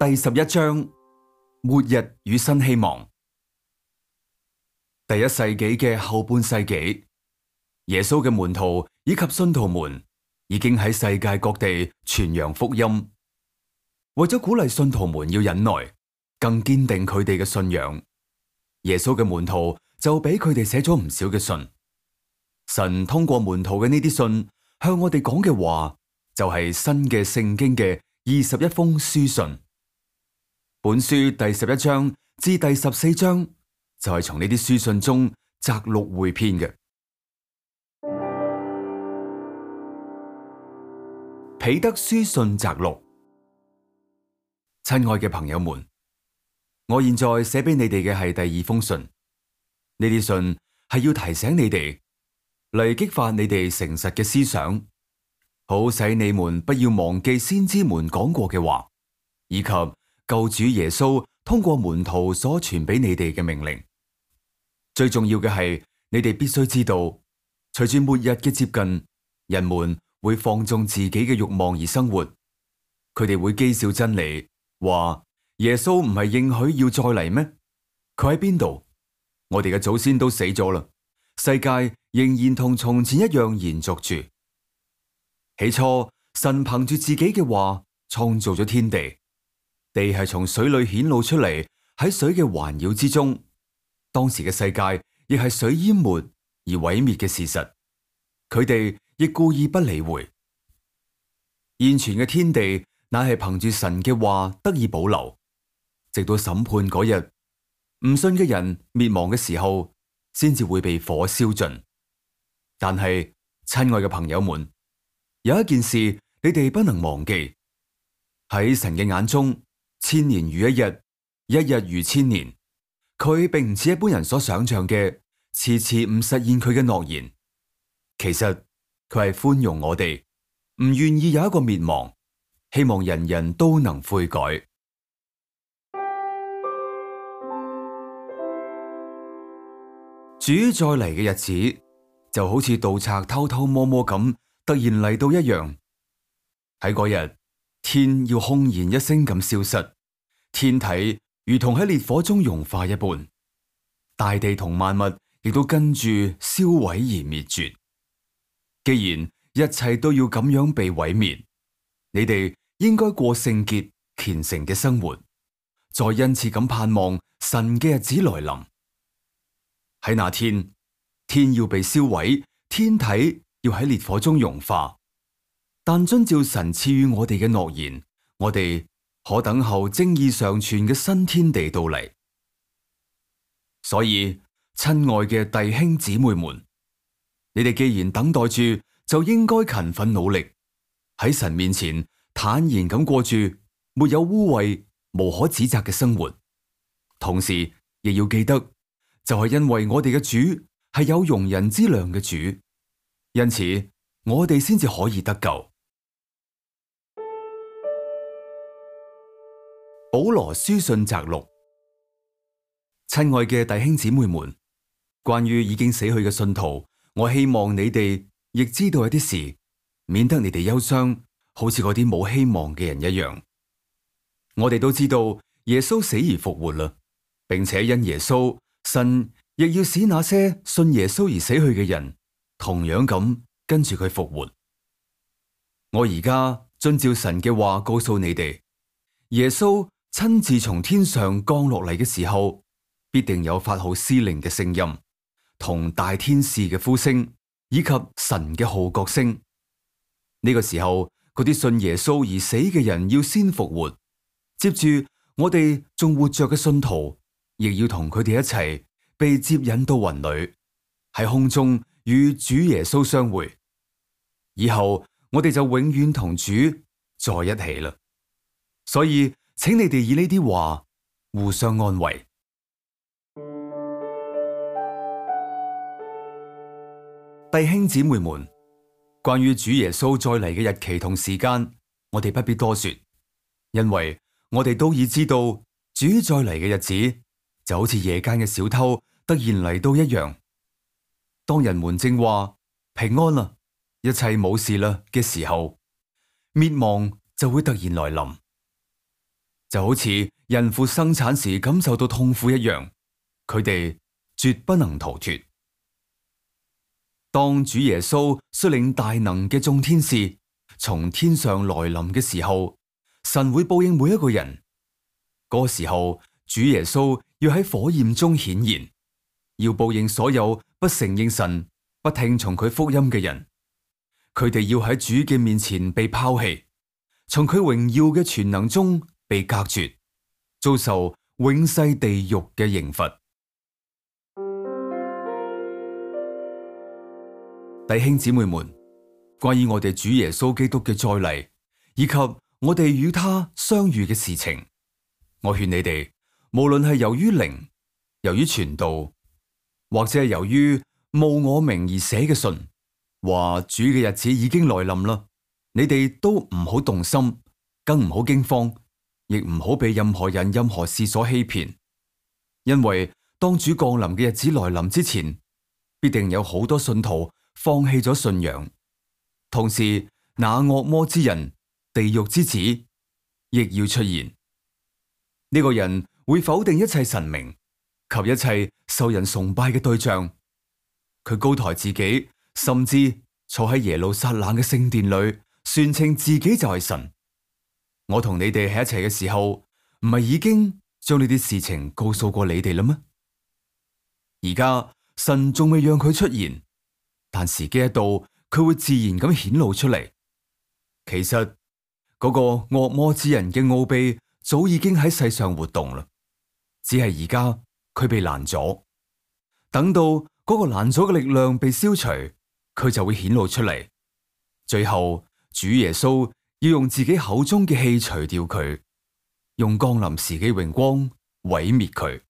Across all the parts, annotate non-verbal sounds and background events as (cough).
第十一章，末日與新希望。第一世紀嘅後半世紀，耶穌嘅門徒以及信徒們已經喺世界各地傳揚福音。為咗鼓勵信徒們要忍耐，更堅定佢哋嘅信仰，耶穌嘅門徒就俾佢哋寫咗唔少嘅信。神通過門徒嘅呢啲信，向我哋講嘅話，就係新嘅聖經嘅二十一封書信。本書第十一章至第十四章就係從呢啲書信中摘錄匯編嘅《彼得書信摘錄》。親愛嘅朋友們，我現在寫俾你哋嘅係第二封信。呢啲信係要提醒你哋，嚟激發你哋誠實嘅思想，好使你們不要忘記先知們講過嘅話，以及救主耶穌通過門徒所傳俾你哋嘅命令，最重要嘅係你哋必須知道，隨住末日嘅接近，人們會放縱自己嘅慾望而生活，佢哋會譏笑真理，話耶穌唔係應許要再嚟咩？佢喺邊度？我哋嘅祖先都死咗啦，世界仍然同從前一樣延續住。起初，神憑住自己嘅話創造咗天地。地係從水裏顯露出嚟，喺水嘅環繞之中。當時嘅世界亦係水淹沒而毀滅嘅事實。佢哋亦故意不理會。現存嘅天地乃係憑住神嘅話得以保留，直到審判嗰日，唔信嘅人滅亡嘅時候，先至會被火燒盡。但係，親愛嘅朋友們，有一件事你哋不能忘記，喺神嘅眼中。千年如一日，一日如千年。佢並唔似一般人所想象嘅，次次唔實現佢嘅諾言。其實佢係寬容我哋，唔願意有一個滅亡，希望人人都能悔改。主再嚟嘅日子，就好似盜賊偷偷摸摸咁，突然嚟到一樣。喺嗰日，天要空然一聲咁消失。天體如同喺烈火中融化一般，大地同萬物亦都跟住燒毀而滅絕。既然一切都要咁樣被毀滅，你哋應該過聖潔、虔誠嘅生活，再因此咁盼望神嘅日子來臨。喺那天，天要被燒毀，天體要喺烈火中融化，但遵照神賜予我哋嘅諾言，我哋。可等候正義常存嘅新天地到嚟，所以親愛嘅弟兄姊妹們，你哋既然等待住，就應該勤奮努力，喺神面前坦然咁過住，沒有污穢、無可指責嘅生活。同時，亦要記得，就係因為我哋嘅主係有容人之量嘅主，因此我哋先至可以得救。保羅書信摘錄：親愛嘅弟兄姊妹們，關於已經死去嘅信徒，我希望你哋亦知道一啲事，免得你哋憂傷，好似嗰啲冇希望嘅人一樣。我哋都知道耶穌死而復活啦，並且因耶穌，神亦要使那些信耶穌而死去嘅人，同樣咁跟住佢復活。我而家遵照神嘅話，告訴你哋，耶穌。親自從天上降落嚟嘅時候，必定有發號施令嘅聲音，同大天使嘅呼聲，以及神嘅號角聲。呢個時候，嗰啲信耶穌而死嘅人要先復活，接住我哋仲活着嘅信徒，亦要同佢哋一齊被接引到雲裏，喺空中與主耶穌相會。以後我哋就永遠同主在一起啦。所以。請你哋以呢啲話互相安慰。弟兄姊妹們，關於主耶穌再嚟嘅日期同時間，我哋不必多說，因為我哋都已知道，主再嚟嘅日子就好似夜間嘅小偷突然嚟到一樣。當人們正話平安啦，一切冇事啦嘅時候，滅亡就會突然來臨。就好似孕婦生產時感受到痛苦一樣，佢哋絕不能逃脫。當主耶穌率領大能嘅眾天使從天上來臨嘅時候，神會報應每一個人。嗰個時候，主耶穌要喺火焰中顯現，要報應所有不承認神、不聽從佢福音嘅人。佢哋要喺主嘅面前被拋棄，從佢榮耀嘅全能中。被隔絕，遭受永世地獄嘅刑罰。弟兄姊妹們，關於我哋主耶穌基督嘅再嚟，以及我哋與他相遇嘅事情，我勸你哋，無論係由於靈，由於傳道，或者係由於冒我名而寫嘅信，話主嘅日子已經來臨啦，你哋都唔好動心，更唔好驚慌。亦唔好被任何人、任何事所欺騙，因為當主降臨嘅日子來臨之前，必定有好多信徒放棄咗信仰，同時那惡魔之人、地獄之子亦要出現。呢個人會否定一切神明及一切受人崇拜嘅對象，佢高抬自己，甚至坐喺耶路撒冷嘅聖殿裏，宣稱自己就係神。我同你哋喺一齊嘅時候，唔係已經將呢啲事情告訴過你哋啦咩？而家神仲未讓佢出現，但時機一到，佢會自然咁顯露出嚟。其實嗰個惡魔之人嘅奧秘早已經喺世上活動啦，只係而家佢被攔咗。等到嗰個攔咗嘅力量被消除，佢就會顯露出嚟。最後，主耶穌。要用自己口中嘅氣除掉佢，用降臨時嘅榮光毀滅佢。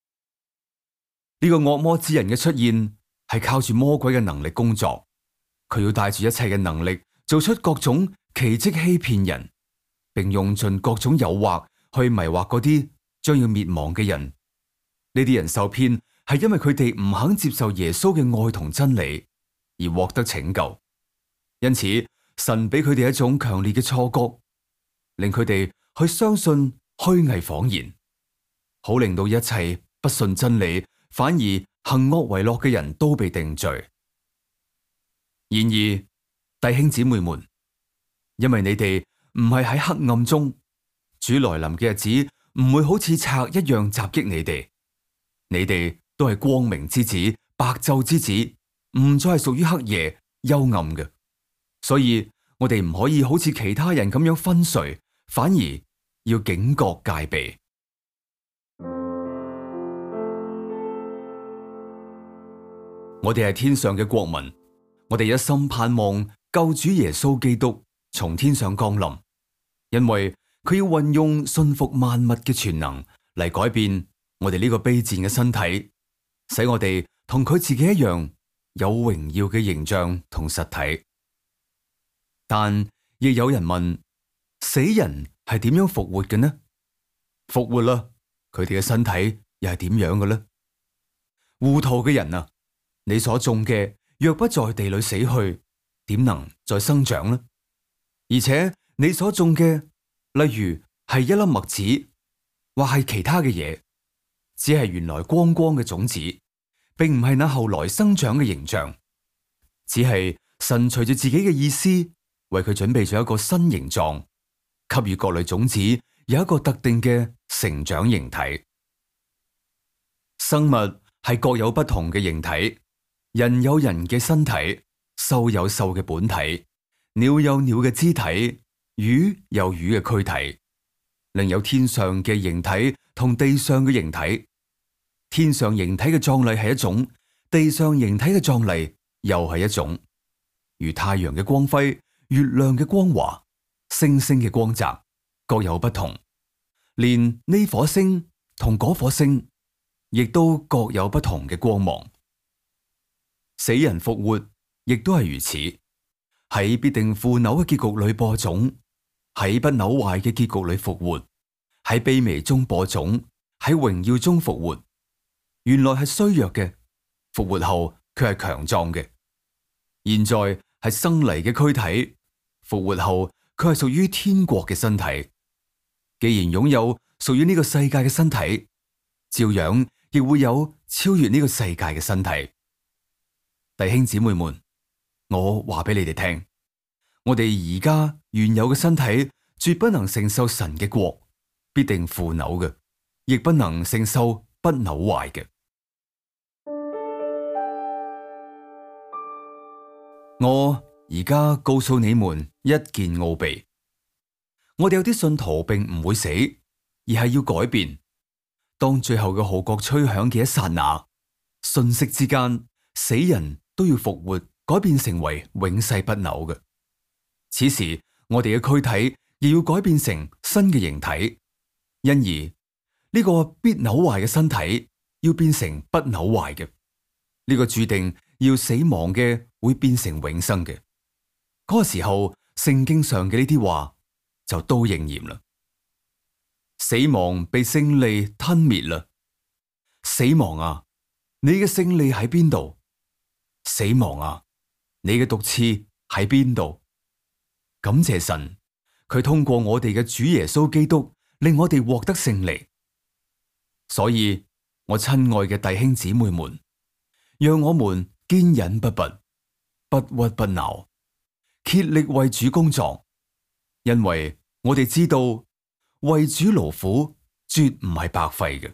呢個惡魔之人嘅出現係靠住魔鬼嘅能力工作，佢要帶住一切嘅能力，做出各種奇蹟欺騙人，並用盡各種誘惑去迷惑嗰啲將要滅亡嘅人。呢啲人受騙係因為佢哋唔肯接受耶穌嘅愛同真理而獲得拯救，因此，神俾佢哋一種強烈嘅錯覺，令佢哋去相信虛偽謊言，好令到一切不信真理、反而行惡為樂嘅人都被定罪。然而，弟兄姊妹們，因為你哋唔係喺黑暗中，主來臨嘅日子唔會好似賊一樣襲擊你哋，你哋都係光明之子、白晝之子，唔再係屬於黑夜幽暗嘅。所以，我哋唔可以好似其他人咁樣昏睡，反而要警覺戒備。 (music) 我哋係天上嘅國民，我哋一心盼望救主耶穌基督從天上降臨，因為佢要運用信服萬物嘅全能嚟改變我哋呢個卑賤嘅身體，使我哋同佢自己一樣有榮耀嘅形象同實體。但亦有人問：死人係點樣復活嘅呢？復活啦，佢哋嘅身體又係點樣嘅呢？糊塗嘅人啊！你所種嘅若不在地裏死去，點能再生長呢？而且你所種嘅，例如係一粒麥子或係其他嘅嘢，只係原來光光嘅種子，並唔係那後來生長嘅形象，只係神隨住自己嘅意思。為佢準備咗一個新形狀，給予各類種子有一個特定嘅成長形體。生物係各有不同嘅形體，人有人嘅身體，獸有獸嘅本體，鳥有鳥嘅肢體，魚有魚嘅軀體，另有天上嘅形體同地上嘅形體。天上形體嘅壯麗係一種，地上形體嘅壯麗又係一種，如太陽嘅光輝。月亮嘅光華，星星嘅光澤各有不同，連呢火星同嗰顆星亦都各有不同嘅光芒。死人復活亦都係如此，喺必定腐朽嘅結局裏播種，喺不朽壞嘅結局裏復活，喺卑微中播種，喺榮耀中復活。原來係衰弱嘅，復活後卻係強壯嘅。現在係生嚟嘅軀體。復活後佢係屬於天國嘅身體，既然擁有屬於呢個世界嘅身體，照樣亦會有超越呢個世界嘅身體。弟兄姊妹們，我話俾你哋聽，我哋而家原有嘅身體，絕不能承受神嘅國，必定腐朽嘅，亦不能承受不朽壞嘅。我。而家告訴你們一件奧秘：我哋有啲信徒並唔會死，而係要改變。當最後嘅號角吹響嘅一剎那，瞬息之間，死人都要復活，改變成為永世不朽嘅。此時，我哋嘅軀體亦要改變成新嘅形體，因而呢個必朽壞嘅身體要變成不朽壞嘅。呢個註定要死亡嘅會變成永生嘅。嗰個時候，聖經上嘅呢啲話就都應驗啦。死亡被勝利吞滅啦。死亡啊，你嘅勝利喺邊度？死亡啊，你嘅毒刺喺邊度？感謝神，佢通過我哋嘅主耶穌基督，令我哋獲得勝利。所以，我親愛嘅弟兄姊妹們，讓我們堅忍不拔，不屈不撓。竭力為主工作，因為我哋知道為主勞苦絕唔係白費嘅。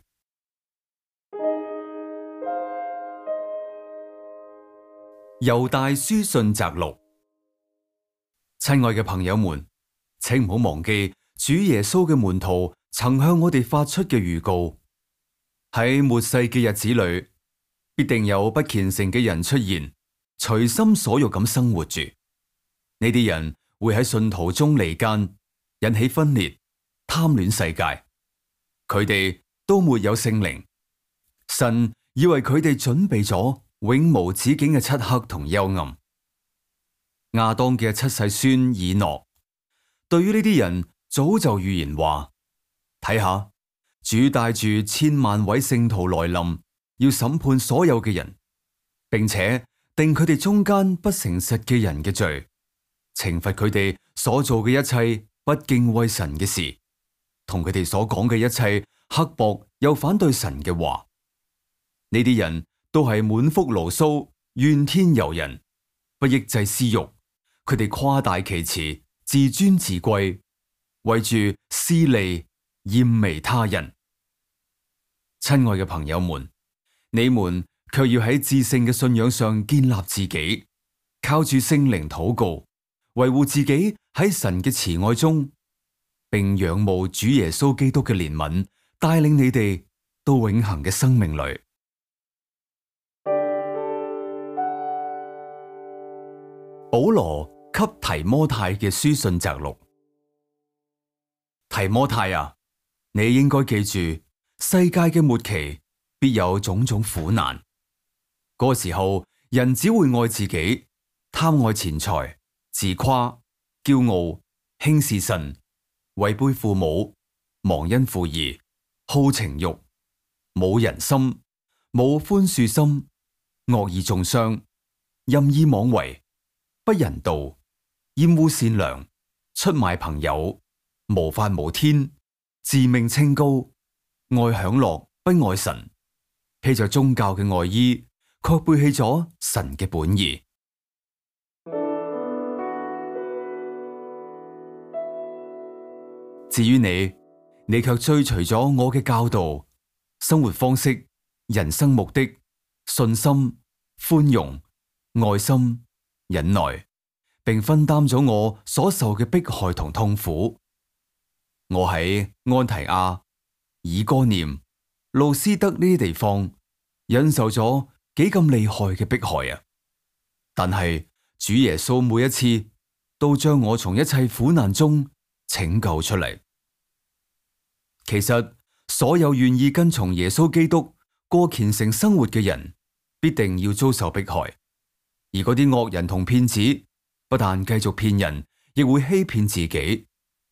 猶大書信摘錄，親愛嘅朋友們，請唔好忘記主耶穌嘅門徒曾向我哋發出嘅預告：喺末世嘅日子裏，必定有不虔誠嘅人出現，隨心所欲咁生活住。呢啲人會喺信徒中離間，引起分裂，貪戀世界。佢哋都沒有聖靈，神以為佢哋準備咗永無止境嘅漆黑同幽暗。亞當嘅七世孫以諾對於呢啲人早就預言話：「睇下，主帶住千萬位聖徒來臨，要審判所有嘅人，並且定佢哋中間不誠實嘅人嘅罪。懲罰佢哋所做嘅一切不敬畏神嘅事，同佢哋所講嘅一切刻薄又反對神嘅話，呢啲人都係滿腹牢騷、怨天尤人，不抑制私欲，佢哋誇大其詞、自尊自貴，為住私利、諂媚他人。親愛嘅朋友們，你們卻要喺至聖嘅信仰上建立自己，靠住聖靈禱告。維護自己喺神嘅慈愛中，並仰慕主耶穌基督嘅憐憫，帶領你哋到永恆嘅生命裏。保羅給提摩太嘅書信摘錄：提摩太啊，你應該記住，世界嘅末期必有種種苦難。嗰時候，人只會愛自己，貪愛錢財。自誇、驕傲、輕視神、違背父母、忘恩負義、好情欲、冇人心、冇寬恕心、惡意中傷、任意妄為、不人道、厭惡善良、出賣朋友、無法無天、自命清高、愛享樂、不愛神，披着宗教嘅外衣，卻背棄咗神嘅本意。至於你，你卻追隨咗我嘅教導、生活方式、人生目的、信心、寬容、愛心、忍耐，並分擔咗我所受嘅迫害同痛苦。我喺安提阿、以哥念、路斯德呢啲地方忍受咗幾咁厲害嘅迫害啊！但係主耶穌每一次都將我從一切苦難中拯救出嚟。其實所有願意跟從耶穌基督過虔誠生活嘅人，必定要遭受迫害。而嗰啲惡人同騙子不但繼續騙人，亦會欺騙自己，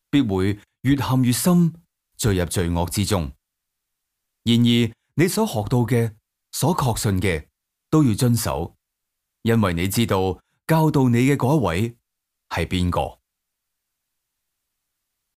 必會越陷越深，墜入罪惡之中。然而，你所學到嘅、所確信嘅，都要遵守，因為你知道教導你嘅嗰一位係邊個。